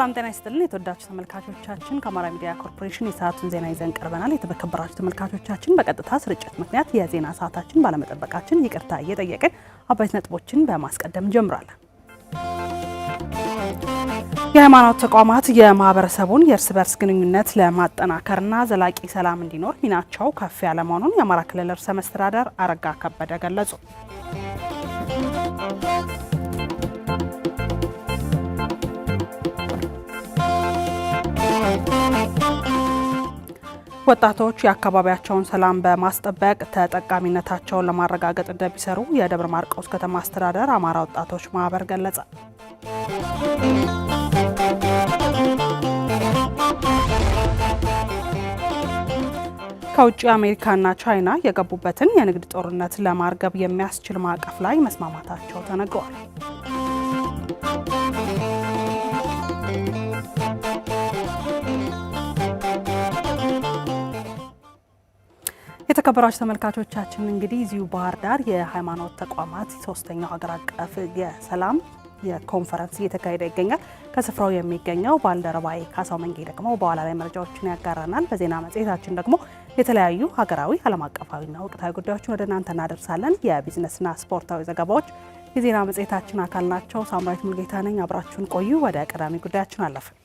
ሰላም ጤና ይስጥልን የተወዳችሁ ተመልካቾቻችን፣ ከአማራ ሚዲያ ኮርፖሬሽን የሰዓቱን ዜና ይዘን ቀርበናል። የተከበራችሁ ተመልካቾቻችን፣ በቀጥታ ስርጭት ምክንያት የዜና ሰዓታችን ባለመጠበቃችን ይቅርታ እየጠየቅን አበይት ነጥቦችን በማስቀደም እንጀምራለን። የሃይማኖት ተቋማት የማህበረሰቡን የእርስ በርስ ግንኙነት ለማጠናከርና ዘላቂ ሰላም እንዲኖር ሚናቸው ከፍ ያለ መሆኑን የአማራ ክልል ርዕሰ መስተዳደር አረጋ ከበደ ገለጹ። ወጣቶች የአካባቢያቸውን ሰላም በማስጠበቅ ተጠቃሚነታቸውን ለማረጋገጥ እንደሚሰሩ የደብረ ማርቆስ ከተማ አስተዳደር አማራ ወጣቶች ማህበር ገለጸ። ከውጭ አሜሪካና ቻይና የገቡበትን የንግድ ጦርነት ለማርገብ የሚያስችል ማዕቀፍ ላይ መስማማታቸው ተነግሯል። የተከበራችሁ ተመልካቾቻችን እንግዲህ እዚሁ ባህር ዳር የሃይማኖት ተቋማት ሶስተኛው ሀገር አቀፍ የሰላም የኮንፈረንስ እየተካሄደ ይገኛል። ከስፍራው የሚገኘው ባልደረባዬ ካሳው መንጌ ደግሞ በኋላ ላይ መረጃዎችን ያጋራናል። በዜና መጽሔታችን ደግሞ የተለያዩ ሀገራዊ፣ ዓለም አቀፋዊና ወቅታዊ ጉዳዮችን ወደ እናንተ እናደርሳለን። የቢዝነስና ስፖርታዊ ዘገባዎች የዜና መጽሔታችን አካል ናቸው። ሳምራዊት ሙልጌታ ነኝ። አብራችሁን ቆዩ። ወደ ቀዳሚ ጉዳያችን አለፍን።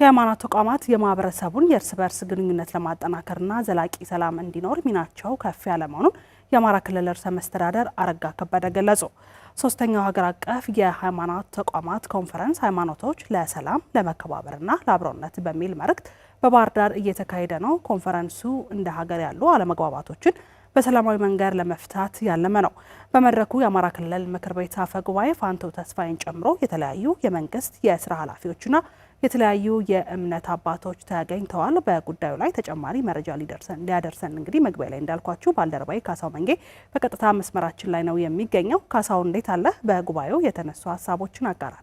የሃይማኖት ተቋማት የማህበረሰቡን የእርስ በርስ ግንኙነት ለማጠናከርና ዘላቂ ሰላም እንዲኖር ሚናቸው ከፍ ያለ መሆኑን የአማራ ክልል ርዕሰ መስተዳደር አረጋ ከበደ ገለጹ። ሶስተኛው ሀገር አቀፍ የሃይማኖት ተቋማት ኮንፈረንስ ሃይማኖቶች ለሰላም ለመከባበርና ለአብሮነት በሚል መልእክት በባህር ዳር እየተካሄደ ነው። ኮንፈረንሱ እንደ ሀገር ያሉ አለመግባባቶችን በሰላማዊ መንገድ ለመፍታት ያለመ ነው። በመድረኩ የአማራ ክልል ምክር ቤት አፈ ጉባኤ ፋንቶ ተስፋዬን ጨምሮ የተለያዩ የመንግስት የስራ ኃላፊዎችና የተለያዩ የእምነት አባቶች ተገኝተዋል። በጉዳዩ ላይ ተጨማሪ መረጃ ሊያደርሰን እንግዲህ መግቢያ ላይ እንዳልኳችሁ ባልደረባዊ ካሳው መንጌ በቀጥታ መስመራችን ላይ ነው የሚገኘው። ካሳው እንዴት አለ? በጉባኤው የተነሱ ሀሳቦችን አጋራል።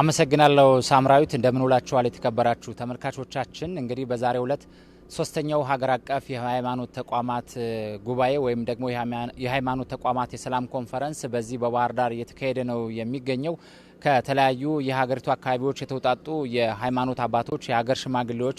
አመሰግናለሁ ሳምራዊት። እንደምንውላችኋል የተከበራችሁ ተመልካቾቻችን እንግዲህ በዛሬው ዕለት ሶስተኛው ሀገር አቀፍ የሃይማኖት ተቋማት ጉባኤ ወይም ደግሞ የሃይማኖት ተቋማት የሰላም ኮንፈረንስ በዚህ በባህር ዳር እየተካሄደ ነው የሚገኘው። ከተለያዩ የሀገሪቱ አካባቢዎች የተውጣጡ የሃይማኖት አባቶች፣ የሀገር ሽማግሌዎች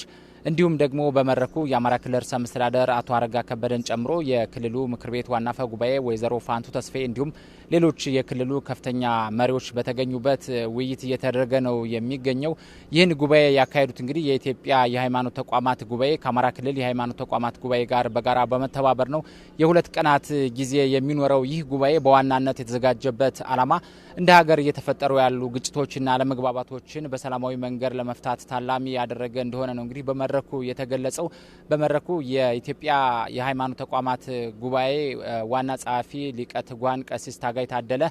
እንዲሁም ደግሞ በመድረኩ የአማራ ክልል ርዕሰ መስተዳደር አቶ አረጋ ከበደን ጨምሮ የክልሉ ምክር ቤት ዋና አፈ ጉባኤ ወይዘሮ ፋንቱ ተስፌ እንዲሁም ሌሎች የክልሉ ከፍተኛ መሪዎች በተገኙበት ውይይት እየተደረገ ነው የሚገኘው። ይህን ጉባኤ ያካሄዱት እንግዲህ የኢትዮጵያ የሃይማኖት ተቋማት ጉባኤ ከአማራ ክልል የሃይማኖት ተቋማት ጉባኤ ጋር በጋራ በመተባበር ነው። የሁለት ቀናት ጊዜ የሚኖረው ይህ ጉባኤ በዋናነት የተዘጋጀበት ዓላማ እንደ ሀገር እየተፈጠሩ ያሉ ግጭቶችና አለመግባባቶችን በሰላማዊ መንገድ ለመፍታት ታላሚ ያደረገ እንደሆነ ነው እንግዲህ በመድረኩ የተገለጸው። በመድረኩ የኢትዮጵያ የሃይማኖት ተቋማት ጉባኤ ዋና ጸሐፊ ሊቀ ትጉሃን ቀሲስ ታጋይ ታደለ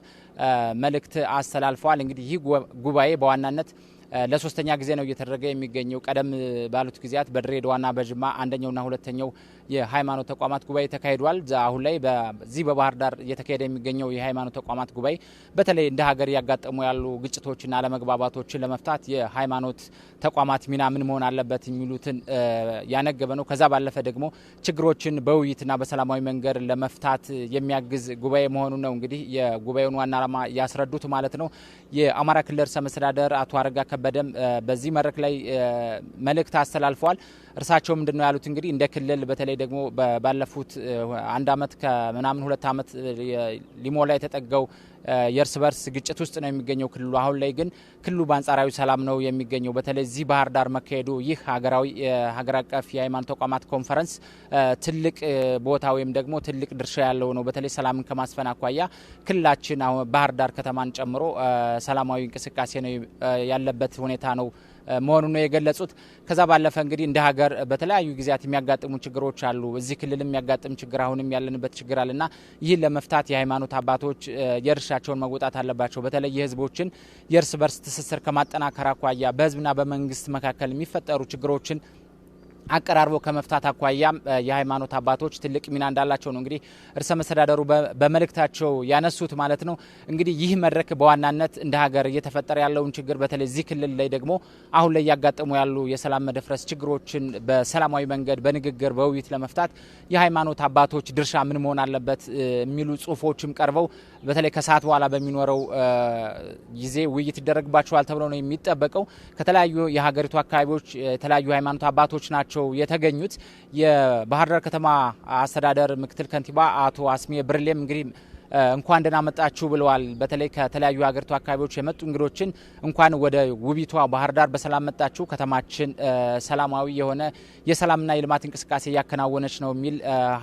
መልእክት አስተላልፈዋል። እንግዲህ ይህ ጉባኤ በዋናነት ለሶስተኛ ጊዜ ነው እየተደረገ የሚገኘው። ቀደም ባሉት ጊዜያት በድሬዳዋና በጅማ አንደኛውና ሁለተኛው የሃይማኖት ተቋማት ጉባኤ ተካሂዷል። አሁን ላይ በዚህ በባህር ዳር እየተካሄደ የሚገኘው የሃይማኖት ተቋማት ጉባኤ በተለይ እንደ ሀገር እያጋጠሙ ያሉ ግጭቶችና አለመግባባቶችን ለመፍታት የሃይማኖት ተቋማት ሚና ምን መሆን አለበት የሚሉትን ያነገበ ነው። ከዛ ባለፈ ደግሞ ችግሮችን በውይይትና በሰላማዊ መንገድ ለመፍታት የሚያግዝ ጉባኤ መሆኑን ነው እንግዲህ የጉባኤውን ዋና ዓላማ ያስረዱት ማለት ነው። የአማራ ክልል ርዕሰ መስተዳደር አቶ አረጋ ከበደም በዚህ መድረክ ላይ መልእክት አስተላልፈዋል። እርሳቸው ምንድን ነው ያሉት እንግዲህ እንደ ክልል በተለይ ደግሞ ባለፉት አንድ ዓመት ከምናምን ሁለት ዓመት ሊሞላ የተጠጋው የእርስ በርስ ግጭት ውስጥ ነው የሚገኘው ክልሉ። አሁን ላይ ግን ክልሉ በአንጻራዊ ሰላም ነው የሚገኘው። በተለይ እዚህ ባህር ዳር መካሄዱ ይህ ሀገራዊ ሀገር አቀፍ የሃይማኖት ተቋማት ኮንፈረንስ ትልቅ ቦታ ወይም ደግሞ ትልቅ ድርሻ ያለው ነው። በተለይ ሰላምን ከማስፈን አኳያ ክልላችን ባህር ዳር ከተማን ጨምሮ ሰላማዊ እንቅስቃሴ ነው ያለበት ሁኔታ ነው መሆኑን ነው የገለጹት። ከዛ ባለፈ እንግዲህ እንደ ሀገር በተለያዩ ጊዜያት የሚያጋጥሙ ችግሮች አሉ። እዚህ ክልል የሚያጋጥም ችግር አሁንም ያለንበት ችግር አለና ይህን ለመፍታት የሃይማኖት አባቶች የእርሻቸውን መወጣት አለባቸው። በተለይ የህዝቦችን የእርስ በርስ ትስስር ከማጠናከር አኳያ በህዝብና በመንግስት መካከል የሚፈጠሩ ችግሮችን አቀራርቦ ከመፍታት አኳያም የሃይማኖት አባቶች ትልቅ ሚና እንዳላቸው ነው እንግዲህ እርሰ መስተዳደሩ በመልእክታቸው ያነሱት ማለት ነው። እንግዲህ ይህ መድረክ በዋናነት እንደ ሀገር እየተፈጠረ ያለውን ችግር በተለይ እዚህ ክልል ላይ ደግሞ አሁን ላይ እያጋጠሙ ያሉ የሰላም መደፍረስ ችግሮችን በሰላማዊ መንገድ በንግግር በውይይት ለመፍታት የሃይማኖት አባቶች ድርሻ ምን መሆን አለበት የሚሉ ጽሁፎችም ቀርበው በተለይ ከሰዓት በኋላ በሚኖረው ጊዜ ውይይት ይደረግባቸዋል ተብሎ ነው የሚጠበቀው። ከተለያዩ የሀገሪቱ አካባቢዎች የተለያዩ ሃይማኖት አባቶች ናቸው ናቸው የተገኙት። የባህር ዳር ከተማ አስተዳደር ምክትል ከንቲባ አቶ አስሜ ብርሌም እንግዲህ እንኳን ደህና መጣችሁ ብለዋል። በተለይ ከተለያዩ ሀገሪቱ አካባቢዎች የመጡ እንግዶችን እንኳን ወደ ውቢቷ ባህር ዳር በሰላም መጣችሁ፣ ከተማችን ሰላማዊ የሆነ የሰላምና የልማት እንቅስቃሴ እያከናወነች ነው የሚል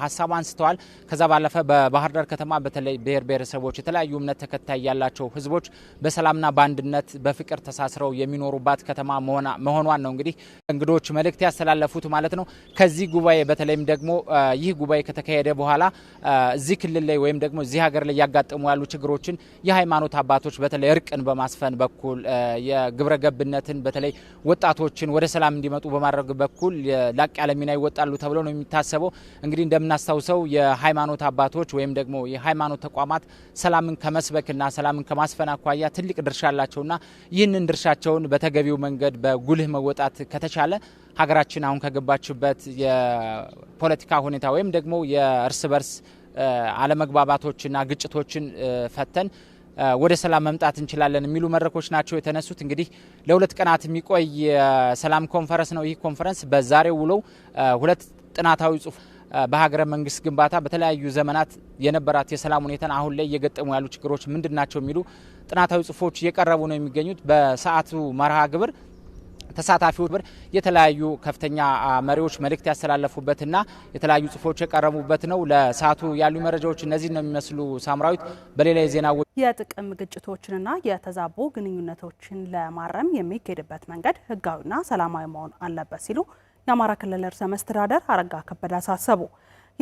ሀሳብ አንስተዋል። ከዛ ባለፈ በባህር ዳር ከተማ በተለይ ብሔር ብሔረሰቦች፣ የተለያዩ እምነት ተከታይ ያላቸው ህዝቦች በሰላምና በአንድነት በፍቅር ተሳስረው የሚኖሩባት ከተማ መሆኗን ነው እንግዲህ እንግዶች መልእክት ያስተላለፉት ማለት ነው። ከዚህ ጉባኤ በተለይም ደግሞ ይህ ጉባኤ ከተካሄደ በኋላ እዚህ ክልል ላይ ወይም ደግሞ እዚህ ሀገር ላይ እያጋጠሙ ያሉ ችግሮችን የሃይማኖት አባቶች በተለይ እርቅን በማስፈን በኩል የግብረ ገብነትን በተለይ ወጣቶችን ወደ ሰላም እንዲመጡ በማድረግ በኩል ላቅ ያለ ሚና ይወጣሉ ተብሎ ነው የሚታሰበው። እንግዲህ እንደምናስታውሰው የሃይማኖት አባቶች ወይም ደግሞ የሃይማኖት ተቋማት ሰላምን ከመስበክና ሰላምን ከማስፈን አኳያ ትልቅ ድርሻ አላቸውና ይህንን ድርሻቸውን በተገቢው መንገድ በጉልህ መወጣት ከተቻለ ሀገራችን አሁን ከገባችበት የፖለቲካ ሁኔታ ወይም ደግሞ የእርስ በርስ አለመግባባቶችና ግጭቶችን ፈተን ወደ ሰላም መምጣት እንችላለን የሚሉ መድረኮች ናቸው የተነሱት። እንግዲህ ለሁለት ቀናት የሚቆይ የሰላም ኮንፈረንስ ነው። ይህ ኮንፈረንስ በዛሬው ውለው ሁለት ጥናታዊ ጽሁፍ በሀገረ መንግስት ግንባታ በተለያዩ ዘመናት የነበራት የሰላም ሁኔታን አሁን ላይ እየገጠሙ ያሉ ችግሮች ምንድን ናቸው የሚሉ ጥናታዊ ጽሁፎች እየቀረቡ ነው የሚገኙት በሰዓቱ መርሃ ግብር ተሳታፊዎች የተለያዩ ከፍተኛ መሪዎች መልእክት ያስተላለፉበትና የተለያዩ ጽሁፎች የቀረቡበት ነው። ለሰዓቱ ያሉ መረጃዎች እነዚህ ነው የሚመስሉ። ሳምራዊት፣ በሌላ የዜና የጥቅም ግጭቶችንና የተዛቦ ግንኙነቶችን ለማረም የሚካሄድበት መንገድ ህጋዊና ሰላማዊ መሆን አለበት ሲሉ የአማራ ክልል ርዕሰ መስተዳደር አረጋ ከበደ አሳሰቡ።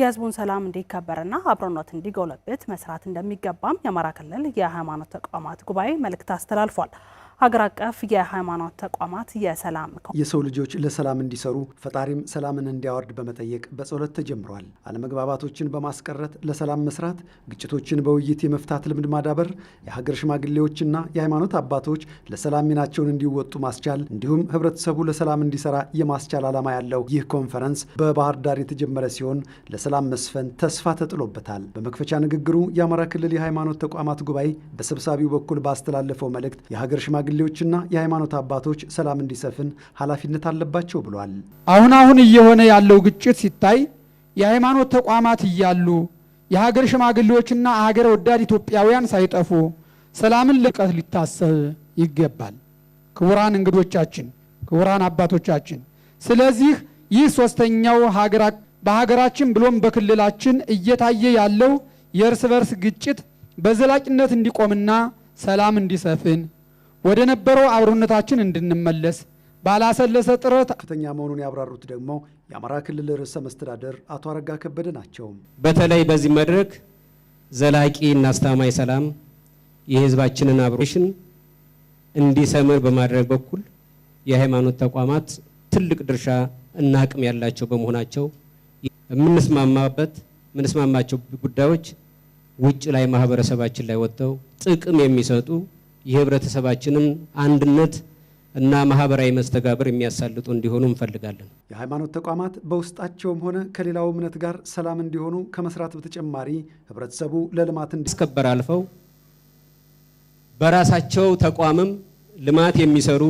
የህዝቡን ሰላም እንዲከበርና አብሮነት እንዲጎለብት መስራት እንደሚገባም የአማራ ክልል የሃይማኖት ተቋማት ጉባኤ መልእክት አስተላልፏል። ሀገር አቀፍ የሃይማኖት ተቋማት የሰላም የሰው ልጆች ለሰላም እንዲሰሩ ፈጣሪም ሰላምን እንዲያወርድ በመጠየቅ በጸሎት ተጀምሯል። አለመግባባቶችን በማስቀረት ለሰላም መስራት፣ ግጭቶችን በውይይት የመፍታት ልምድ ማዳበር፣ የሀገር ሽማግሌዎችና የሃይማኖት አባቶች ለሰላም ሚናቸውን እንዲወጡ ማስቻል እንዲሁም ህብረተሰቡ ለሰላም እንዲሰራ የማስቻል ዓላማ ያለው ይህ ኮንፈረንስ በባህር ዳር የተጀመረ ሲሆን ለሰላም መስፈን ተስፋ ተጥሎበታል። በመክፈቻ ንግግሩ የአማራ ክልል የሃይማኖት ተቋማት ጉባኤ በሰብሳቢው በኩል ባስተላለፈው መልእክት የሀገር ሽማግሌ ሽማግሌዎችና የሃይማኖት አባቶች ሰላም እንዲሰፍን ኃላፊነት አለባቸው ብሏል። አሁን አሁን እየሆነ ያለው ግጭት ሲታይ የሃይማኖት ተቋማት እያሉ የሀገር ሽማግሌዎችና ሀገር ወዳድ ኢትዮጵያውያን ሳይጠፉ ሰላምን ልቀት ሊታሰብ ይገባል። ክቡራን እንግዶቻችን፣ ክቡራን አባቶቻችን፣ ስለዚህ ይህ ሶስተኛው በሀገራችን ብሎም በክልላችን እየታየ ያለው የእርስ በርስ ግጭት በዘላቂነት እንዲቆምና ሰላም እንዲሰፍን ወደ ነበረው አብሮነታችን እንድንመለስ ባላሰለሰ ጥረት ከፍተኛ መሆኑን ያብራሩት ደግሞ የአማራ ክልል ርዕሰ መስተዳደር አቶ አረጋ ከበደ ናቸው። በተለይ በዚህ መድረክ ዘላቂ እና አስተማማኝ ሰላም የህዝባችንን አብሮሽን እንዲሰምር በማድረግ በኩል የሃይማኖት ተቋማት ትልቅ ድርሻ እና አቅም ያላቸው በመሆናቸው የምንስማማበት የምንስማማቸው ጉዳዮች ውጭ ላይ ማህበረሰባችን ላይ ወጥተው ጥቅም የሚሰጡ የህብረተሰባችንን አንድነት እና ማህበራዊ መስተጋብር የሚያሳልጡ እንዲሆኑ እንፈልጋለን። የሃይማኖት ተቋማት በውስጣቸውም ሆነ ከሌላው እምነት ጋር ሰላም እንዲሆኑ ከመስራት በተጨማሪ ህብረተሰቡ ለልማት እንዲያስከበር አልፈው በራሳቸው ተቋምም ልማት የሚሰሩ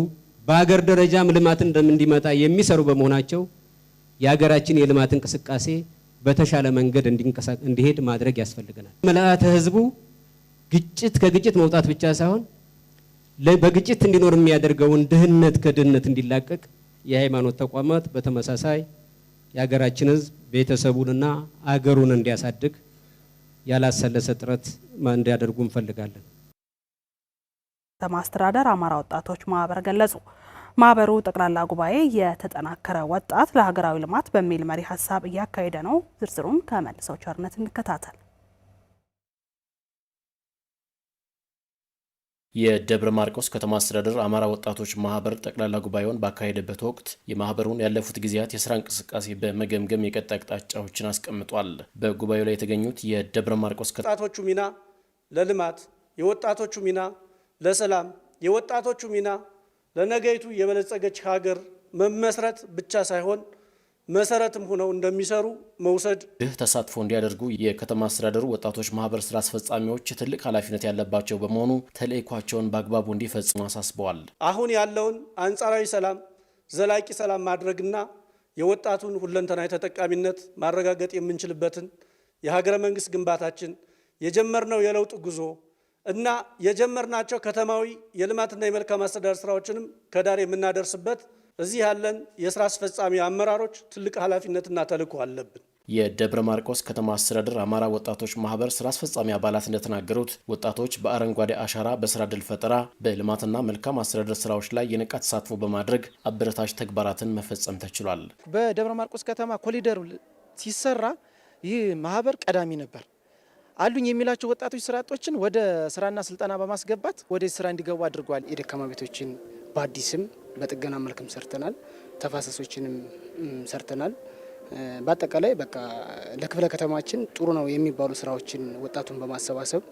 በሀገር ደረጃም ልማት እንዲመጣ የሚሰሩ በመሆናቸው የሀገራችን የልማት እንቅስቃሴ በተሻለ መንገድ እንዲሄድ ማድረግ ያስፈልገናል። ምልአተ ህዝቡ ግጭት ከግጭት መውጣት ብቻ ሳይሆን በግጭት እንዲኖር የሚያደርገውን ድህነት ከድህነት እንዲላቀቅ የሃይማኖት ተቋማት በተመሳሳይ የሀገራችን ሕዝብ ቤተሰቡንና አገሩን እንዲያሳድግ ያላሰለሰ ጥረት እንዲያደርጉ እንፈልጋለን። ከተማ አስተዳደር አማራ ወጣቶች ማህበር ገለጹ። ማህበሩ ጠቅላላ ጉባኤ የተጠናከረ ወጣት ለሀገራዊ ልማት በሚል መሪ ሀሳብ እያካሄደ ነው። ዝርዝሩን ከመልሰው ቸርነት እንከታተል። የደብረ ማርቆስ ከተማ አስተዳደር አማራ ወጣቶች ማህበር ጠቅላላ ጉባኤውን ባካሄደበት ወቅት የማህበሩን ያለፉት ጊዜያት የስራ እንቅስቃሴ በመገምገም የቀጣይ አቅጣጫዎችን አስቀምጧል። በጉባኤው ላይ የተገኙት የደብረ ማርቆስ ወጣቶቹ ሚና ለልማት፣ የወጣቶቹ ሚና ለሰላም፣ የወጣቶቹ ሚና ለነገይቱ የበለጸገች ሀገር መመስረት ብቻ ሳይሆን መሰረትም ሆነው እንደሚሰሩ መውሰድ ይህ ተሳትፎ እንዲያደርጉ የከተማ አስተዳደሩ ወጣቶች ማህበር ስራ አስፈጻሚዎች ትልቅ ኃላፊነት ያለባቸው በመሆኑ ተልዕኳቸውን በአግባቡ እንዲፈጽሙ አሳስበዋል። አሁን ያለውን አንጻራዊ ሰላም ዘላቂ ሰላም ማድረግና የወጣቱን ሁለንተናዊ ተጠቃሚነት ማረጋገጥ የምንችልበትን የሀገረ መንግስት ግንባታችን የጀመርነው የለውጥ ጉዞ እና የጀመርናቸው ከተማዊ የልማትና የመልካም አስተዳደር ስራዎችንም ከዳር የምናደርስበት እዚህ ያለን የስራ አስፈጻሚ አመራሮች ትልቅ ኃላፊነትና ተልዕኮ አለብን። የደብረ ማርቆስ ከተማ አስተዳደር አማራ ወጣቶች ማህበር ስራ አስፈጻሚ አባላት እንደተናገሩት ወጣቶች በአረንጓዴ አሻራ፣ በስራ ድል ፈጠራ፣ በልማትና መልካም አስተዳደር ስራዎች ላይ የነቃ ተሳትፎ በማድረግ አበረታች ተግባራትን መፈጸም ተችሏል። በደብረ ማርቆስ ከተማ ኮሊደሩ ሲሰራ ይህ ማህበር ቀዳሚ ነበር። አሉኝ የሚላቸው ወጣቶች ስራ አጦችን ወደ ስራና ስልጠና በማስገባት ወደ ስራ እንዲገቡ አድርጓል። የደካማ ቤቶችን በአዲስም በጥገና መልክም ሰርተናል። ተፋሰሶችንም ሰርተናል። በአጠቃላይ በቃ ለክፍለ ከተማችን ጥሩ ነው የሚባሉ ስራዎችን ወጣቱን በማሰባሰብ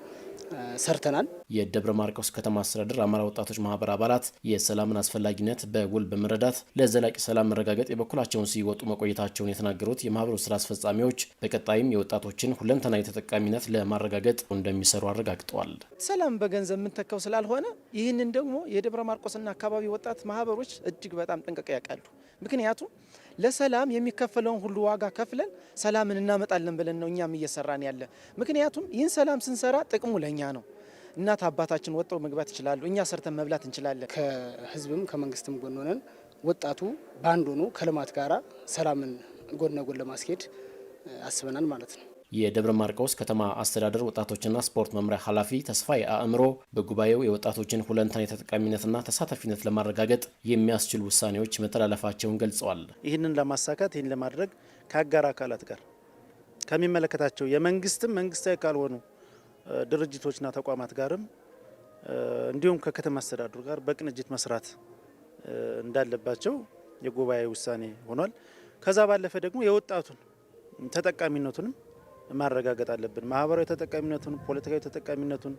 ሰርተናል። የደብረ ማርቆስ ከተማ አስተዳደር አማራ ወጣቶች ማህበር አባላት የሰላምን አስፈላጊነት በውል በመረዳት ለዘላቂ ሰላም መረጋገጥ የበኩላቸውን ሲወጡ መቆየታቸውን የተናገሩት የማህበሩ ስራ አስፈጻሚዎች በቀጣይም የወጣቶችን ሁለንተና የተጠቃሚነት ለማረጋገጥ እንደሚሰሩ አረጋግጠዋል። ሰላም በገንዘብ የምንተካው ስላልሆነ ይህንን ደግሞ የደብረ ማርቆስና አካባቢ ወጣት ማህበሮች እጅግ በጣም ጠንቅቀው ያውቃሉ። ምክንያቱም ለሰላም የሚከፈለውን ሁሉ ዋጋ ከፍለን ሰላምን እናመጣለን ብለን ነው እኛም እየሰራን ያለ። ምክንያቱም ይህን ሰላም ስንሰራ ጥቅሙ ለእኛ ነው። እናት አባታችን ወጥተው መግባት ይችላሉ፣ እኛ ሰርተን መብላት እንችላለን። ከህዝብም ከመንግስትም ጎን ሆነን ወጣቱ በአንድ ሆኖ ከልማት ጋራ ሰላምን ጎን ለጎን ለማስኬድ አስበናል ማለት ነው። የደብረ ማርቆስ ከተማ አስተዳደር ወጣቶችና ስፖርት መምሪያ ኃላፊ ተስፋዬ አእምሮ በጉባኤው የወጣቶችን ሁለንተናዊ ተጠቃሚነትና ተሳታፊነት ለማረጋገጥ የሚያስችሉ ውሳኔዎች መተላለፋቸውን ገልጸዋል። ይህንን ለማሳካት ይህን ለማድረግ ከአጋር አካላት ጋር ከሚመለከታቸው የመንግስትም መንግስታዊ ካልሆኑ ድርጅቶችና ተቋማት ጋርም እንዲሁም ከከተማ አስተዳደሩ ጋር በቅንጅት መስራት እንዳለባቸው የጉባኤ ውሳኔ ሆኗል። ከዛ ባለፈ ደግሞ የወጣቱን ተጠቃሚነቱንም ማረጋገጥ አለብን። ማህበራዊ ተጠቃሚነቱን፣ ፖለቲካዊ ተጠቃሚነቱን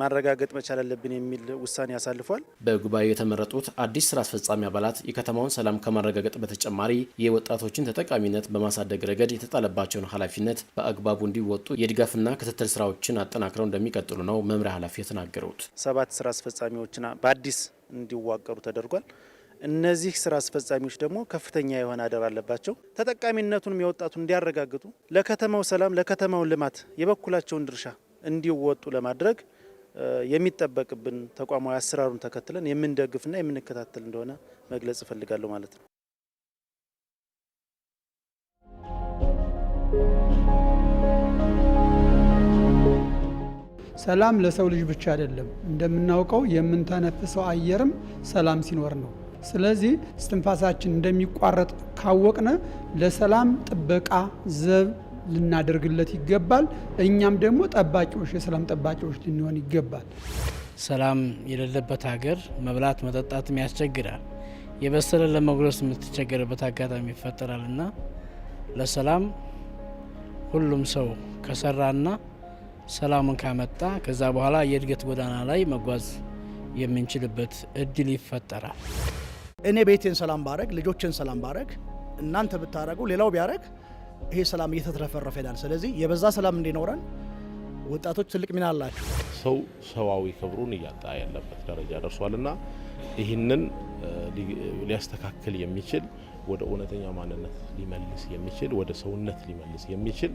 ማረጋገጥ መቻል አለብን የሚል ውሳኔ ያሳልፏል። በጉባኤ የተመረጡት አዲስ ስራ አስፈጻሚ አባላት የከተማውን ሰላም ከማረጋገጥ በተጨማሪ የወጣቶችን ተጠቃሚነት በማሳደግ ረገድ የተጣለባቸውን ኃላፊነት በአግባቡ እንዲወጡ የድጋፍና ክትትል ስራዎችን አጠናክረው እንደሚቀጥሉ ነው መምሪያ ኃላፊ የተናገሩት። ሰባት ስራ አስፈጻሚዎችና በአዲስ እንዲዋቀሩ ተደርጓል። እነዚህ ስራ አስፈጻሚዎች ደግሞ ከፍተኛ የሆነ አደራ አለባቸው። ተጠቃሚነቱንም የወጣቱ እንዲያረጋግጡ ለከተማው ሰላም፣ ለከተማው ልማት የበኩላቸውን ድርሻ እንዲወጡ ለማድረግ የሚጠበቅብን ተቋማዊ አሰራሩን ተከትለን የምንደግፍና የምንከታተል እንደሆነ መግለጽ እፈልጋለሁ ማለት ነው። ሰላም ለሰው ልጅ ብቻ አይደለም። እንደምናውቀው የምንተነፍሰው አየርም ሰላም ሲኖር ነው። ስለዚህ እስትንፋሳችን እንደሚቋረጥ ካወቅነ ለሰላም ጥበቃ ዘብ ልናደርግለት ይገባል። እኛም ደግሞ ጠባቂዎች፣ የሰላም ጠባቂዎች ልንሆን ይገባል። ሰላም የሌለበት ሀገር መብላት መጠጣትም ያስቸግራል። የበሰለ ለመጉረስ የምትቸገርበት አጋጣሚ ይፈጠራል እና ለሰላም ሁሉም ሰው ከሰራና ሰላምን ካመጣ ከዛ በኋላ የእድገት ጎዳና ላይ መጓዝ የምንችልበት እድል ይፈጠራል። እኔ ቤቴን ሰላም ባረግ፣ ልጆችን ሰላም ባረግ፣ እናንተ ብታረጉ፣ ሌላው ቢያረግ ይሄ ሰላም እየተትረፈረፈ ይላል ስለዚህ የበዛ ሰላም እንዲኖረን ወጣቶች ትልቅ ሚና አላቸው። ሰው ሰብአዊ ክብሩን እያጣ ያለበት ደረጃ ደርሷልና ይህንን ሊያስተካክል የሚችል ወደ እውነተኛ ማንነት ሊመልስ የሚችል ወደ ሰውነት ሊመልስ የሚችል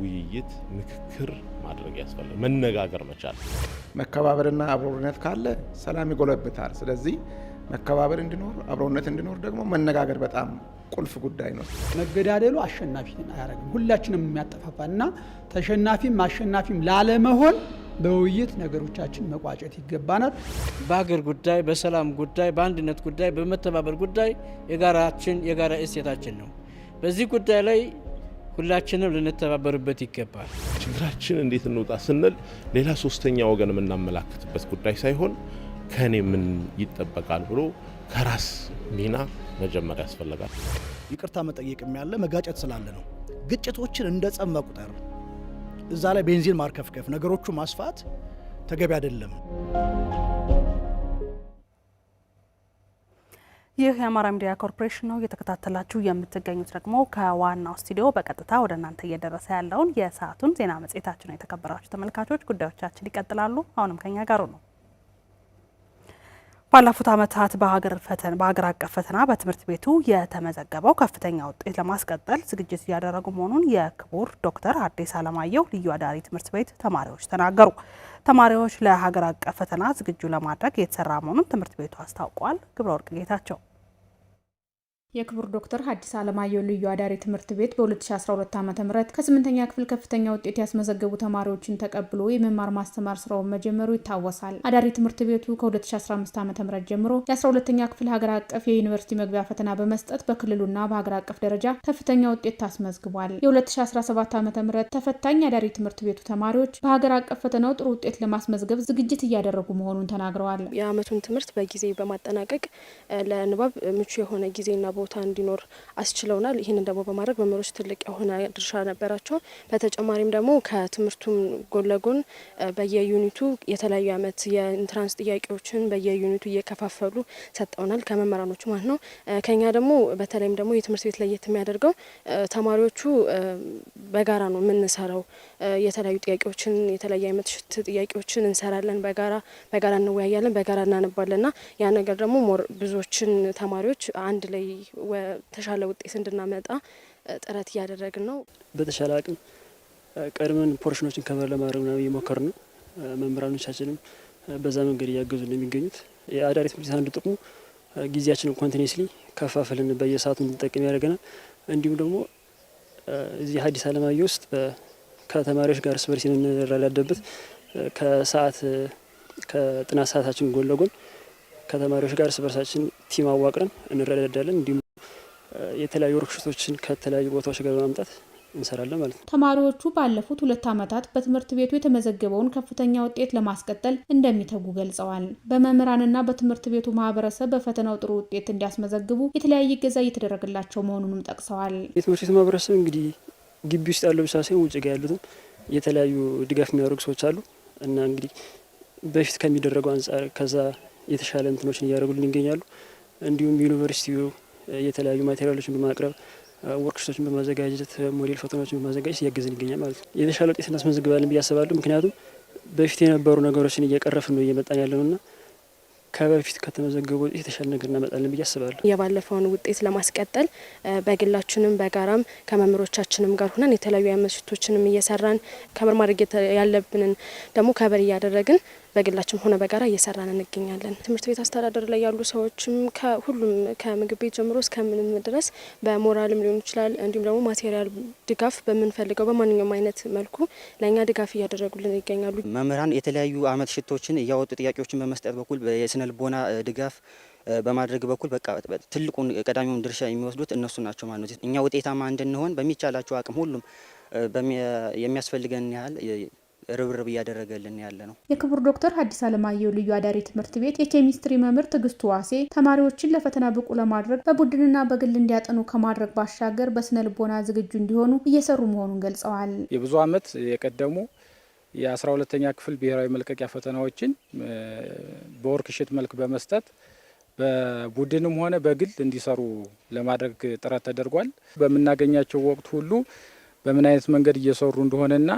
ውይይት፣ ምክክር ማድረግ ያስፈልጋል። መነጋገር መቻል፣ መከባበርና አብሮነት ካለ ሰላም ይጎለብታል። ስለዚህ መከባበር እንዲኖር አብሮነት እንዲኖር ደግሞ መነጋገር በጣም ቁልፍ ጉዳይ ነው። መገዳደሉ አሸናፊን አያደርግም፣ ሁላችንም የሚያጠፋፋ እና ተሸናፊም አሸናፊም ላለመሆን በውይይት ነገሮቻችን መቋጨት ይገባናል። በሀገር ጉዳይ፣ በሰላም ጉዳይ፣ በአንድነት ጉዳይ፣ በመተባበር ጉዳይ የጋራችን የጋራ እሴታችን ነው። በዚህ ጉዳይ ላይ ሁላችንም ልንተባበርበት ይገባል። ችግራችን እንዴት እንውጣ ስንል ሌላ ሶስተኛ ወገን የምናመላክትበት ጉዳይ ሳይሆን ከእኔ ምን ይጠበቃል ብሎ ከራስ ሚና መጀመር ያስፈልጋል። ይቅርታ መጠየቅ ያለ መጋጨት ስላለ ነው። ግጭቶችን እንደ ጸብ መቁጠር፣ እዛ ላይ ቤንዚን ማርከፍከፍ፣ ነገሮቹ ማስፋት ተገቢ አይደለም። ይህ የአማራ ሚዲያ ኮርፖሬሽን ነው። እየተከታተላችሁ የምትገኙት ደግሞ ከዋናው ስቱዲዮ በቀጥታ ወደ እናንተ እየደረሰ ያለውን የሰዓቱን ዜና መጽሔታችን ነው። የተከበራችሁ ተመልካቾች ጉዳዮቻችን ይቀጥላሉ። አሁንም ከኛ ጋሩ ነው። ባለፉት ዓመታት በሀገር አቀፍ ፈተና በትምህርት ቤቱ የተመዘገበው ከፍተኛ ውጤት ለማስቀጠል ዝግጅት እያደረጉ መሆኑን የክቡር ዶክተር አዲስ አለማየሁ ልዩ አዳሪ ትምህርት ቤት ተማሪዎች ተናገሩ። ተማሪዎች ለሀገር አቀፍ ፈተና ዝግጁ ለማድረግ የተሰራ መሆኑን ትምህርት ቤቱ አስታውቋል። ግብረ ወርቅ ጌታቸው የክቡር ዶክተር ሐዲስ ዓለማየሁ ልዩ አዳሪ ትምህርት ቤት በ2012 ዓ ም ከስምንተኛ ክፍል ከፍተኛ ውጤት ያስመዘገቡ ተማሪዎችን ተቀብሎ የመማር ማስተማር ስራውን መጀመሩ ይታወሳል። አዳሪ ትምህርት ቤቱ ከ2015 ዓ ም ጀምሮ የ12ተኛ ክፍል ሀገር አቀፍ የዩኒቨርሲቲ መግቢያ ፈተና በመስጠት በክልሉና በሀገር አቀፍ ደረጃ ከፍተኛ ውጤት ታስመዝግቧል። የ2017 ዓ ም ተፈታኝ አዳሪ ትምህርት ቤቱ ተማሪዎች በሀገር አቀፍ ፈተናው ጥሩ ውጤት ለማስመዝገብ ዝግጅት እያደረጉ መሆኑን ተናግረዋል። የአመቱን ትምህርት በጊዜ በማጠናቀቅ ለንባብ ምቹ የሆነ ጊዜና ቦታ እንዲኖር አስችለውናል። ይህንን ደግሞ በማድረግ መምህሮች ትልቅ የሆነ ድርሻ ነበራቸው። በተጨማሪም ደግሞ ከትምህርቱም ጎን ለጎን በየዩኒቱ የተለያዩ አመት የኢንትራንስ ጥያቄዎችን በየዩኒቱ እየከፋፈሉ ሰጠውናል ከመምህራኖቹ ማለት ነው። ከኛ ደግሞ በተለይም ደግሞ የትምህርት ቤት ለየት የሚያደርገው ተማሪዎቹ በጋራ ነው የምንሰራው። የተለያዩ ጥያቄዎችን የተለያዩ አይነት ሽት ጥያቄዎችን እንሰራለን። በጋራ በጋራ እንወያያለን፣ በጋራ ና ያ ነገር ደግሞ ሞር ብዙዎችን ተማሪዎች አንድ ላይ ተሻለ ውጤት እንድናመጣ ጥረት እያደረግን ነው። በተሻለ አቅም ቀድመን ፖርሽኖችን ከበር ለማድረግ ነው እየሞከር ነው። መምህራኖቻችንም በዛ መንገድ እያገዙ ነው የሚገኙት። የአዳሪ ትምህርት አንዱ ጥቅሙ ጊዜያችንን ኮንቲኒስሊ ከፋፍልን በየሰዓቱ እንድንጠቀም ያደርገናል። እንዲሁም ደግሞ እዚህ ሀዲስ ዓለማየሁ ውስጥ ከተማሪዎች ጋር እርስ በርስ የምንረዳዳበት ከሰዓት ከጥናት ሰዓታችን ጎን ለጎን ከተማሪዎች ጋር እርስ በርሳችን ቲም አዋቅረን እንረዳዳለን። እንዲሁም የተለያዩ ወርክሾቶችን ከተለያዩ ቦታዎች ጋር በማምጣት እንሰራለን ማለት ነው። ተማሪዎቹ ባለፉት ሁለት ዓመታት በትምህርት ቤቱ የተመዘገበውን ከፍተኛ ውጤት ለማስቀጠል እንደሚተጉ ገልጸዋል። በመምህራንና በትምህርት ቤቱ ማህበረሰብ በፈተናው ጥሩ ውጤት እንዲያስመዘግቡ የተለያየ እገዛ እየተደረገላቸው መሆኑንም ጠቅሰዋል። የትምህርት ቤቱ ማህበረሰብ እንግዲህ ግቢ ውስጥ ያለው ብቻ ሳይሆን ውጭ ጋር ያሉትም የተለያዩ ድጋፍ የሚያደርጉ ሰዎች አሉ እና እንግዲህ በፊት ከሚደረገው አንጻር ከዛ የተሻለ እንትኖችን እያደረጉልን ይገኛሉ። እንዲሁም ዩኒቨርሲቲው የተለያዩ ማቴሪያሎችን በማቅረብ ወርክሾቶችን በማዘጋጀት ሞዴል ፈተናዎችን በማዘጋጀት እያገዝን ይገኛል ማለት ነው። የተሻለ ውጤት እናስመዘግባለን ብዬ አስባለሁ። ምክንያቱም በፊት የነበሩ ነገሮችን እየቀረፍን ነው እየመጣን ያለ ነውና ከበፊት ከተመዘገቡ ውጤት የተሻለ ነገር እናመጣለን ብዬ አስባለሁ። የባለፈውን ውጤት ለማስቀጠል በግላችንም በጋራም ከመምህሮቻችንም ጋር ሆነን የተለያዩ አይነት ሽቶችንም እየሰራን ከበር ማድረግ ያለብንን ደግሞ ከበር እያደረግን በግላችን ሆነ በጋራ እየሰራን እንገኛለን። ትምህርት ቤት አስተዳደር ላይ ያሉ ሰዎችም ከሁሉም ከምግብ ቤት ጀምሮ እስከምንም ድረስ በሞራልም ሊሆን ይችላል እንዲሁም ደግሞ ማቴሪያል ድጋፍ በምንፈልገው በማንኛውም አይነት መልኩ ለእኛ ድጋፍ እያደረጉልን ይገኛሉ። መምህራን የተለያዩ አመት ሽቶችን እያወጡ ጥያቄዎችን በመስጠት በኩል የስነ ልቦና ድጋፍ በማድረግ በኩል በቃ ትልቁን ቀዳሚውን ድርሻ የሚወስዱት እነሱ ናቸው ማለት ነው። እኛ ውጤታማ እንድንሆን በሚቻላቸው አቅም ሁሉም የሚያስፈልገን ያህል ርብርብ እያደረገልን ያለ ነው። የክቡር ዶክተር ሐዲስ ዓለማየሁ ልዩ አዳሪ ትምህርት ቤት የኬሚስትሪ መምህር ትግስቱ ዋሴ ተማሪዎችን ለፈተና ብቁ ለማድረግ በቡድንና በግል እንዲያጠኑ ከማድረግ ባሻገር በስነ ልቦና ዝግጁ እንዲሆኑ እየሰሩ መሆኑን ገልጸዋል። የብዙ ዓመት የቀደሙ የአስራ ሁለተኛ ክፍል ብሔራዊ መልቀቂያ ፈተናዎችን በወርክሽት መልክ በመስጠት በቡድንም ሆነ በግል እንዲሰሩ ለማድረግ ጥረት ተደርጓል። በምናገኛቸው ወቅት ሁሉ በምን አይነት መንገድ እየሰሩ እንደሆነና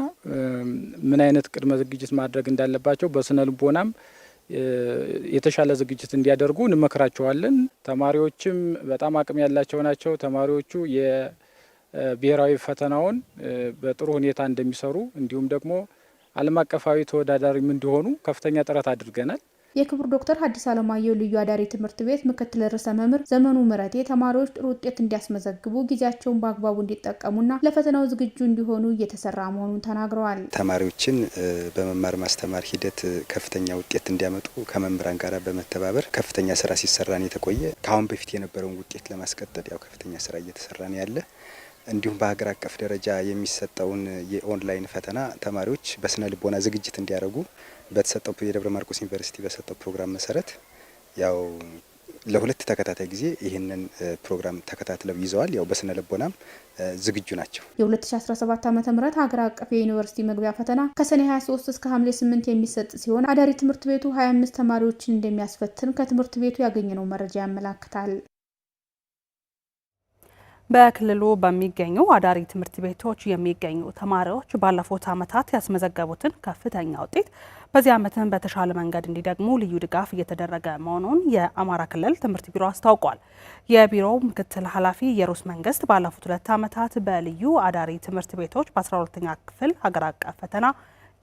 ምን አይነት ቅድመ ዝግጅት ማድረግ እንዳለባቸው በስነ ልቦናም የተሻለ ዝግጅት እንዲያደርጉ እንመክራቸዋለን። ተማሪዎችም በጣም አቅም ያላቸው ናቸው። ተማሪዎቹ የብሔራዊ ፈተናውን በጥሩ ሁኔታ እንደሚሰሩ እንዲሁም ደግሞ ዓለም አቀፋዊ ተወዳዳሪም እንዲሆኑ ከፍተኛ ጥረት አድርገናል። የክቡር ዶክተር ሐዲስ አለማየሁ ልዩ አዳሪ ትምህርት ቤት ምክትል ርዕሰ መምህር ዘመኑ ምረቴ ተማሪዎች ጥሩ ውጤት እንዲያስመዘግቡ ጊዜያቸውን በአግባቡ እንዲጠቀሙና ለፈተናው ዝግጁ እንዲሆኑ እየተሰራ መሆኑን ተናግረዋል። ተማሪዎችን በመማር ማስተማር ሂደት ከፍተኛ ውጤት እንዲያመጡ ከመምህራን ጋር በመተባበር ከፍተኛ ስራ ሲሰራን የተቆየ ከአሁን በፊት የነበረውን ውጤት ለማስቀጠል ያው ከፍተኛ ስራ እየተሰራን ያለ እንዲሁም በሀገር አቀፍ ደረጃ የሚሰጠውን የኦንላይን ፈተና ተማሪዎች በስነ ልቦና ዝግጅት እንዲያደርጉ በተሰጠው የደብረ ማርቆስ ዩኒቨርሲቲ በሰጠው ፕሮግራም መሰረት ያው ለሁለት ተከታታይ ጊዜ ይህንን ፕሮግራም ተከታትለው ይዘዋል። ያው በስነ ልቦናም ዝግጁ ናቸው። የ2017 ዓ ም ሀገር አቀፍ የዩኒቨርሲቲ መግቢያ ፈተና ከሰኔ 23 እስከ ሐምሌ 8 የሚሰጥ ሲሆን አዳሪ ትምህርት ቤቱ 25 ተማሪዎችን እንደሚያስፈትን ከትምህርት ቤቱ ያገኘነው መረጃ ያመላክታል። በክልሉ በሚገኙ አዳሪ ትምህርት ቤቶች የሚገኙ ተማሪዎች ባለፉት ዓመታት ያስመዘገቡትን ከፍተኛ ውጤት በዚህ ዓመትም በተሻለ መንገድ እንዲደግሙ ልዩ ድጋፍ እየተደረገ መሆኑን የአማራ ክልል ትምህርት ቢሮ አስታውቋል። የቢሮው ምክትል ኃላፊ የሩስ መንግስት ባለፉት ሁለት ዓመታት በልዩ አዳሪ ትምህርት ቤቶች በ12ኛ ክፍል ሀገር አቀፍ ፈተና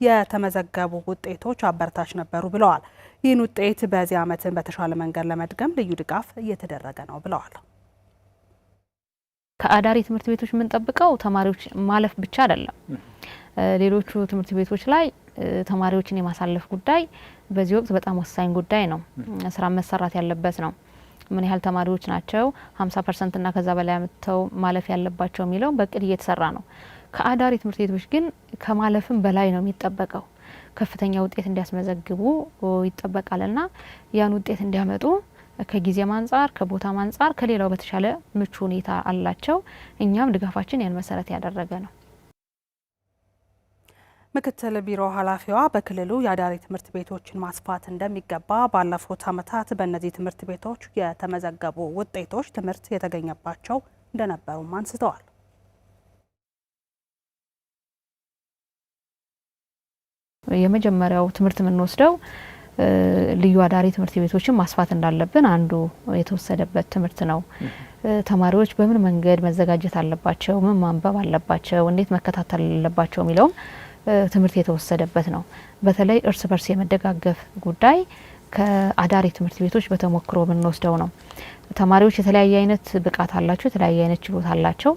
የተመዘገቡ ውጤቶች አበረታች ነበሩ ብለዋል። ይህን ውጤት በዚህ ዓመትን በተሻለ መንገድ ለመድገም ልዩ ድጋፍ እየተደረገ ነው ብለዋል። ከአዳሪ ትምህርት ቤቶች የምንጠብቀው ተማሪዎች ማለፍ ብቻ አይደለም። ሌሎቹ ትምህርት ቤቶች ላይ ተማሪዎችን የማሳለፍ ጉዳይ በዚህ ወቅት በጣም ወሳኝ ጉዳይ ነው። ስራ መሰራት ያለበት ነው። ምን ያህል ተማሪዎች ናቸው ሀምሳ ፐርሰንትና ከዛ በላይ አምጥተው ማለፍ ያለባቸው የሚለው በቅድ እየተሰራ ነው። ከአዳሪ ትምህርት ቤቶች ግን ከማለፍም በላይ ነው የሚጠበቀው። ከፍተኛ ውጤት እንዲያስመዘግቡ ይጠበቃልና ያን ውጤት እንዲያመጡ ከጊዜም አንጻር ከቦታም አንጻር ከሌላው በተሻለ ምቹ ሁኔታ አላቸው። እኛም ድጋፋችን ያን መሰረት ያደረገ ነው። ምክትል ቢሮ ኃላፊዋ በክልሉ የአዳሪ ትምህርት ቤቶችን ማስፋት እንደሚገባ ባለፉት ዓመታት በእነዚህ ትምህርት ቤቶች የተመዘገቡ ውጤቶች ትምህርት የተገኘባቸው እንደነበሩም አንስተዋል። የመጀመሪያው ትምህርት የምንወስደው ልዩ አዳሪ ትምህርት ቤቶችን ማስፋት እንዳለብን አንዱ የተወሰደበት ትምህርት ነው። ተማሪዎች በምን መንገድ መዘጋጀት አለባቸው፣ ምን ማንበብ አለባቸው፣ እንዴት መከታተል አለባቸው የሚለውም ትምህርት የተወሰደበት ነው። በተለይ እርስ በርስ የመደጋገፍ ጉዳይ ከአዳሪ ትምህርት ቤቶች በተሞክሮ የምንወስደው ነው። ተማሪዎች የተለያየ አይነት ብቃት አላቸው፣ የተለያየ አይነት ችሎታ አላቸው።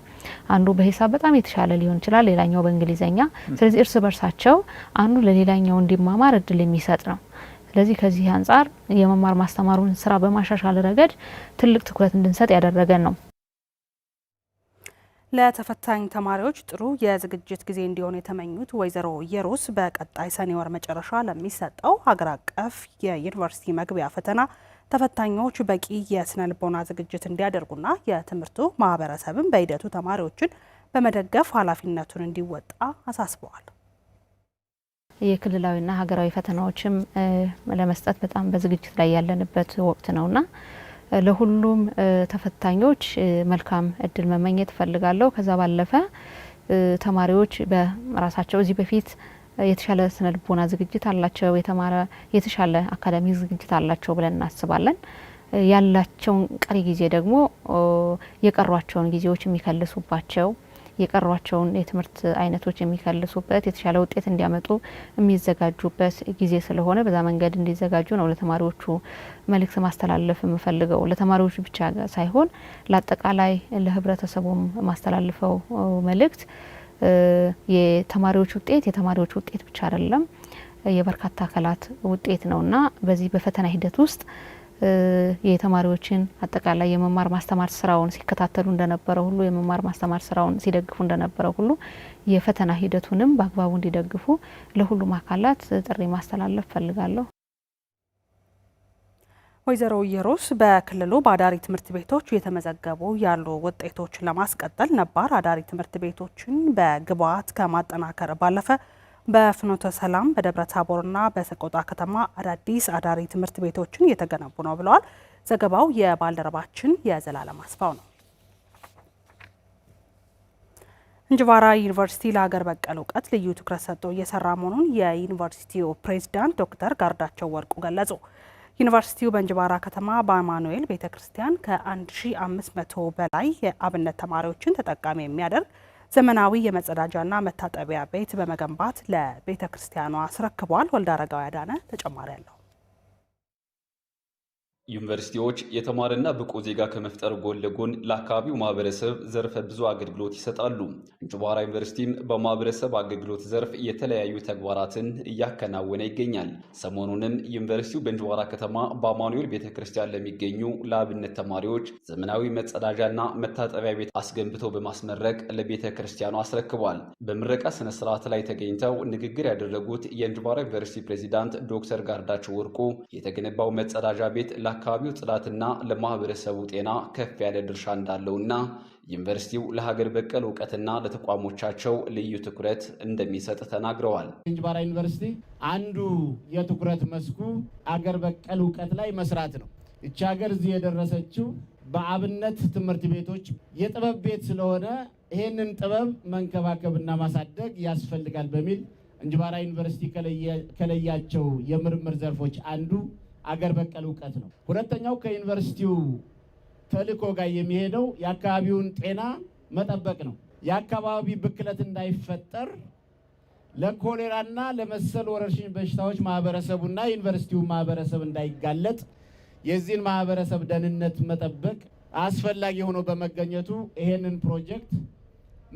አንዱ በሂሳብ በጣም የተሻለ ሊሆን ይችላል፣ ሌላኛው በእንግሊዘኛ። ስለዚህ እርስ በርሳቸው አንዱ ለሌላኛው እንዲማማር እድል የሚሰጥ ነው። ስለዚህ ከዚህ አንጻር የመማር ማስተማሩን ስራ በማሻሻል ረገድ ትልቅ ትኩረት እንድንሰጥ ያደረገን ነው። ለተፈታኝ ተማሪዎች ጥሩ የዝግጅት ጊዜ እንዲሆን የተመኙት ወይዘሮ የሩስ በቀጣይ ሰኔ ወር መጨረሻ ለሚሰጠው ሀገር አቀፍ የዩኒቨርሲቲ መግቢያ ፈተና ተፈታኞች በቂ የስነ ልቦና ዝግጅት እንዲያደርጉና የትምህርቱ ማህበረሰብን በሂደቱ ተማሪዎችን በመደገፍ ኃላፊነቱን እንዲወጣ አሳስበዋል። የክልላዊና ሀገራዊ ፈተናዎችም ለመስጠት በጣም በዝግጅት ላይ ያለንበት ወቅት ነውና ለሁሉም ተፈታኞች መልካም እድል መመኘት እፈልጋለሁ። ከዛ ባለፈ ተማሪዎች በራሳቸው እዚህ በፊት የተሻለ ስነ ልቦና ዝግጅት አላቸው፣ የተማረ የተሻለ አካዳሚ ዝግጅት አላቸው ብለን እናስባለን። ያላቸውን ቀሪ ጊዜ ደግሞ የቀሯቸውን ጊዜዎች የሚከልሱባቸው የቀሯቸውን የትምህርት አይነቶች የሚከልሱበት የተሻለ ውጤት እንዲያመጡ የሚዘጋጁበት ጊዜ ስለሆነ በዛ መንገድ እንዲዘጋጁ ነው ለተማሪዎቹ መልእክት ማስተላለፍ የምፈልገው። ለተማሪዎች ብቻ ሳይሆን ለአጠቃላይ ለህብረተሰቡም ማስተላልፈው መልእክት የተማሪዎች ውጤት የተማሪዎች ውጤት ብቻ አይደለም፣ የበርካታ አካላት ውጤት ነውና በዚህ በፈተና ሂደት ውስጥ የተማሪዎችን አጠቃላይ የመማር ማስተማር ስራውን ሲከታተሉ እንደነበረ ሁሉ የመማር ማስተማር ስራውን ሲደግፉ እንደነበረ ሁሉ የፈተና ሂደቱንም በአግባቡ እንዲደግፉ ለሁሉም አካላት ጥሪ ማስተላለፍ ፈልጋለሁ። ወይዘሮ ኢየሩስ በክልሉ በአዳሪ ትምህርት ቤቶች እየተመዘገቡ ያሉ ውጤቶችን ለማስቀጠል ነባር አዳሪ ትምህርት ቤቶችን በግብዓት ከማጠናከር ባለፈ በፍኖተ ሰላም በደብረ ታቦርና በሰቆጣ ከተማ አዳዲስ አዳሪ ትምህርት ቤቶችን እየተገነቡ ነው ብለዋል። ዘገባው የባልደረባችን የዘላለም አስፋው ነው። እንጅባራ ዩኒቨርሲቲ ለሀገር በቀል እውቀት ልዩ ትኩረት ሰጥቶ እየሰራ መሆኑን የዩኒቨርሲቲው ፕሬዚዳንት ዶክተር ጋርዳቸው ወርቁ ገለጹ። ዩኒቨርሲቲው በእንጅባራ ከተማ በአማኑኤል ቤተ ክርስቲያን ከ1500 በላይ የአብነት ተማሪዎችን ተጠቃሚ የሚያደርግ ዘመናዊ የመጸዳጃና መታጠቢያ ቤት በመገንባት ለቤተ ክርስቲያኗ አስረክቧል። ወልደ አረጋዊ አዳነ ተጨማሪ አለው። ዩኒቨርሲቲዎች የተማረና ብቁ ዜጋ ከመፍጠር ጎን ለጎን ለአካባቢው ማህበረሰብ ዘርፈ ብዙ አገልግሎት ይሰጣሉ። እንጅባራ ዩኒቨርሲቲም በማህበረሰብ አገልግሎት ዘርፍ የተለያዩ ተግባራትን እያከናወነ ይገኛል። ሰሞኑንም ዩኒቨርሲቲው በእንጅባራ ከተማ በአማኑኤል ቤተ ክርስቲያን ለሚገኙ ለአብነት ተማሪዎች ዘመናዊ መጸዳጃና መታጠቢያ ቤት አስገንብቶ በማስመረቅ ለቤተ ክርስቲያኑ አስረክቧል። በምረቃ ስነ ስርዓት ላይ ተገኝተው ንግግር ያደረጉት የእንጅባራ ዩኒቨርሲቲ ፕሬዚዳንት ዶክተር ጋርዳቸው ወርቁ የተገነባው መጸዳጃ ቤት ለአካባቢው ጽዳትና ለማህበረሰቡ ጤና ከፍ ያለ ድርሻ እንዳለውና ዩኒቨርሲቲው ለሀገር በቀል እውቀትና ለተቋሞቻቸው ልዩ ትኩረት እንደሚሰጥ ተናግረዋል። እንጅባራ ዩኒቨርሲቲ አንዱ የትኩረት መስኩ አገር በቀል እውቀት ላይ መስራት ነው። እቺ ሀገር እዚህ የደረሰችው በአብነት ትምህርት ቤቶች የጥበብ ቤት ስለሆነ ይህንን ጥበብ መንከባከብና ማሳደግ ያስፈልጋል በሚል እንጅባራ ዩኒቨርሲቲ ከለያቸው የምርምር ዘርፎች አንዱ አገር በቀል እውቀት ነው። ሁለተኛው ከዩኒቨርሲቲው ተልእኮ ጋር የሚሄደው የአካባቢውን ጤና መጠበቅ ነው። የአካባቢ ብክለት እንዳይፈጠር ለኮሌራና ለመሰል ወረርሽኝ በሽታዎች ማህበረሰቡና የዩኒቨርሲቲው ማህበረሰብ እንዳይጋለጥ የዚህን ማህበረሰብ ደህንነት መጠበቅ አስፈላጊ ሆኖ በመገኘቱ ይሄንን ፕሮጀክት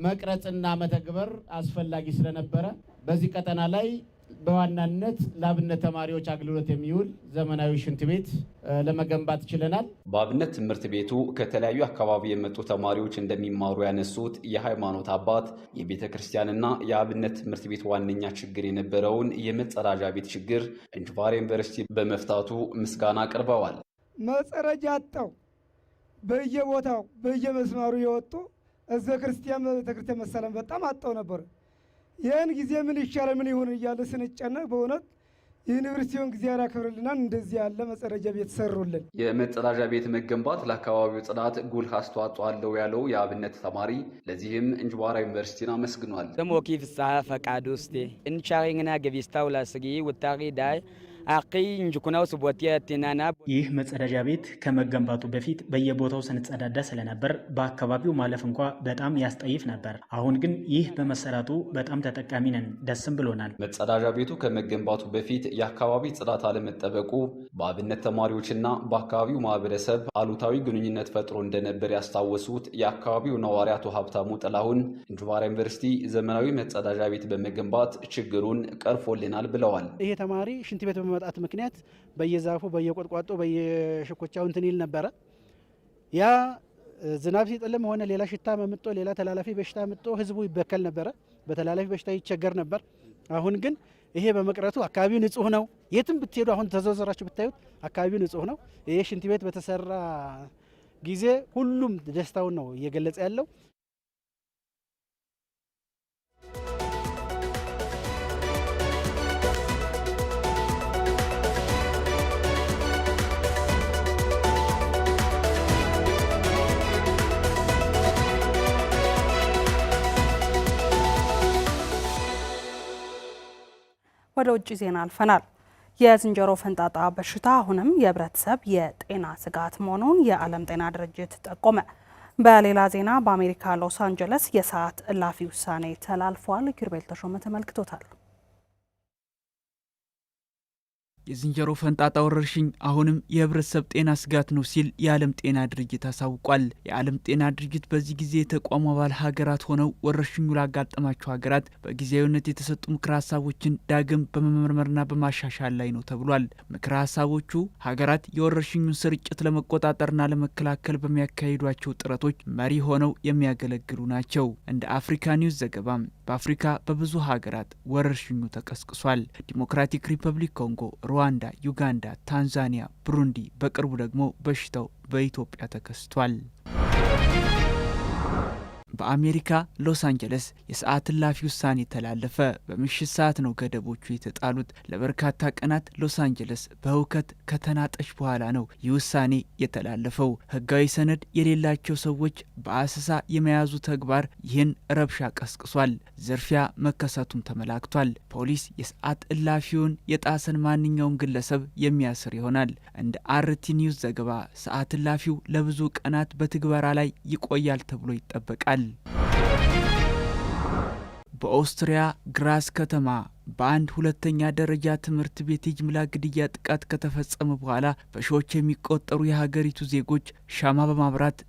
መቅረጽና መተግበር አስፈላጊ ስለነበረ በዚህ ቀጠና ላይ በዋናነት ለአብነት ተማሪዎች አገልግሎት የሚውል ዘመናዊ ሽንት ቤት ለመገንባት ችለናል። በአብነት ትምህርት ቤቱ ከተለያዩ አካባቢ የመጡ ተማሪዎች እንደሚማሩ ያነሱት የሃይማኖት አባት የቤተ ክርስቲያንና የአብነት ትምህርት ቤት ዋነኛ ችግር የነበረውን የመጸዳጃ ቤት ችግር እንጅባር ዩኒቨርሲቲ በመፍታቱ ምስጋና አቅርበዋል። መጸረጃ አጠው በየቦታው በየመስመሩ የወጡ እዘ ክርስቲያን ቤተክርስቲያን መሰለን በጣም አጠው ነበር ያን ጊዜ ምን ይሻለ ምን ይሁን እያለ ስንጨነቅ በእውነት ዩኒቨርሲቲውን ጊዜ ያከብርልናል። እንደዚህ ያለ መጸረጃ ቤት ሰሩልን። የመጸዳጃ ቤት መገንባት ለአካባቢው ጽዳት ጉልህ አስተዋጽኦ አለው ያለው የአብነት ተማሪ ለዚህም እንጅባራ ዩኒቨርሲቲን አመስግኗል። ደሞኪ ፍስሐ ፈቃድ ውስጤ እንቻሪንግና ገቢስታው ላስጊ ውታሪ ዳይ ይህ መጸዳጃ ቤት ከመገንባቱ በፊት በየቦታው ስንጸዳዳ ስለነበር በአካባቢው ማለፍ እንኳ በጣም ያስጠይፍ ነበር። አሁን ግን ይህ በመሰራቱ በጣም ተጠቃሚ ነን፣ ደስም ብሎናል። መጸዳጃ ቤቱ ከመገንባቱ በፊት የአካባቢ ጽዳት አለመጠበቁ በአብነት ተማሪዎችና በአካባቢው ማህበረሰብ አሉታዊ ግንኙነት ፈጥሮ እንደነበር ያስታወሱት የአካባቢው ነዋሪ አቶ ሀብታሙ ጥላሁን እንጅባራ ዩኒቨርሲቲ ዘመናዊ መጸዳጃ ቤት በመገንባት ችግሩን ቀርፎልናል ብለዋል። ይሄ ተማሪ ሽንት ቤት ባለመጣት ምክንያት በየዛፉ በየቆጥቋጦ በየሽኩቻው እንትን ይል ነበረ። ያ ዝናብ ሲጥልም ሆነ ሌላ ሽታ መምጦ ሌላ ተላላፊ በሽታ መምጦ ህዝቡ ይበከል ነበረ፣ በተላላፊ በሽታ ይቸገር ነበር። አሁን ግን ይሄ በመቅረቱ አካባቢው ንጹህ ነው። የትም ብትሄዱ አሁን ተዘዘራችሁ ብታዩት አካባቢው ንጹህ ነው። ይሄ ሽንት ቤት በተሰራ ጊዜ ሁሉም ደስታውን ነው እየገለጸ ያለው። ወደ ውጭ ዜና አልፈናል። የዝንጀሮ ፈንጣጣ በሽታ አሁንም የህብረተሰብ የጤና ስጋት መሆኑን የዓለም ጤና ድርጅት ጠቆመ። በሌላ ዜና በአሜሪካ ሎስ አንጀለስ የሰዓት እላፊ ውሳኔ ተላልፏል። ኪርቤል ተሾመ ተመልክቶታል። የዝንጀሮ ፈንጣጣ ወረርሽኝ አሁንም የህብረተሰብ ጤና ስጋት ነው ሲል የዓለም ጤና ድርጅት አሳውቋል። የዓለም ጤና ድርጅት በዚህ ጊዜ የተቋሙ አባል ሀገራት ሆነው ወረርሽኙ ላጋጠማቸው ሀገራት በጊዜያዊነት የተሰጡ ምክረ ሀሳቦችን ዳግም በመመርመርና በማሻሻል ላይ ነው ተብሏል። ምክረ ሀሳቦቹ ሀገራት የወረርሽኙን ስርጭት ለመቆጣጠርና ለመከላከል በሚያካሂዷቸው ጥረቶች መሪ ሆነው የሚያገለግሉ ናቸው። እንደ አፍሪካ ኒውስ ዘገባም በአፍሪካ በብዙ ሀገራት ወረርሽኙ ተቀስቅሷል። ዲሞክራቲክ ሪፐብሊክ ኮንጎ ሩዋንዳ፣ ዩጋንዳ፣ ታንዛኒያ፣ ብሩንዲ በቅርቡ ደግሞ በሽታው በኢትዮጵያ ተከስቷል። በአሜሪካ ሎስ አንጀለስ የሰዓት እላፊ ውሳኔ ተላለፈ። በምሽት ሰዓት ነው ገደቦቹ የተጣሉት። ለበርካታ ቀናት ሎስ አንጀለስ በሁከት ከተናጠች በኋላ ነው ይህ ውሳኔ የተላለፈው። ህጋዊ ሰነድ የሌላቸው ሰዎች በአሰሳ የመያዙ ተግባር ይህን ረብሻ ቀስቅሷል። ዝርፊያ መከሰቱም ተመላክቷል። ፖሊስ የሰዓት እላፊውን የጣሰን ማንኛውም ግለሰብ የሚያስር ይሆናል። እንደ አርቲ ኒውስ ዘገባ ሰዓት እላፊው ለብዙ ቀናት በትግበራ ላይ ይቆያል ተብሎ ይጠበቃል። በኦስትሪያ ግራስ ከተማ በአንድ ሁለተኛ ደረጃ ትምህርት ቤት የጅምላ ግድያ ጥቃት ከተፈጸመ በኋላ በሺዎች የሚቆጠሩ የሀገሪቱ ዜጎች ሻማ በማብራት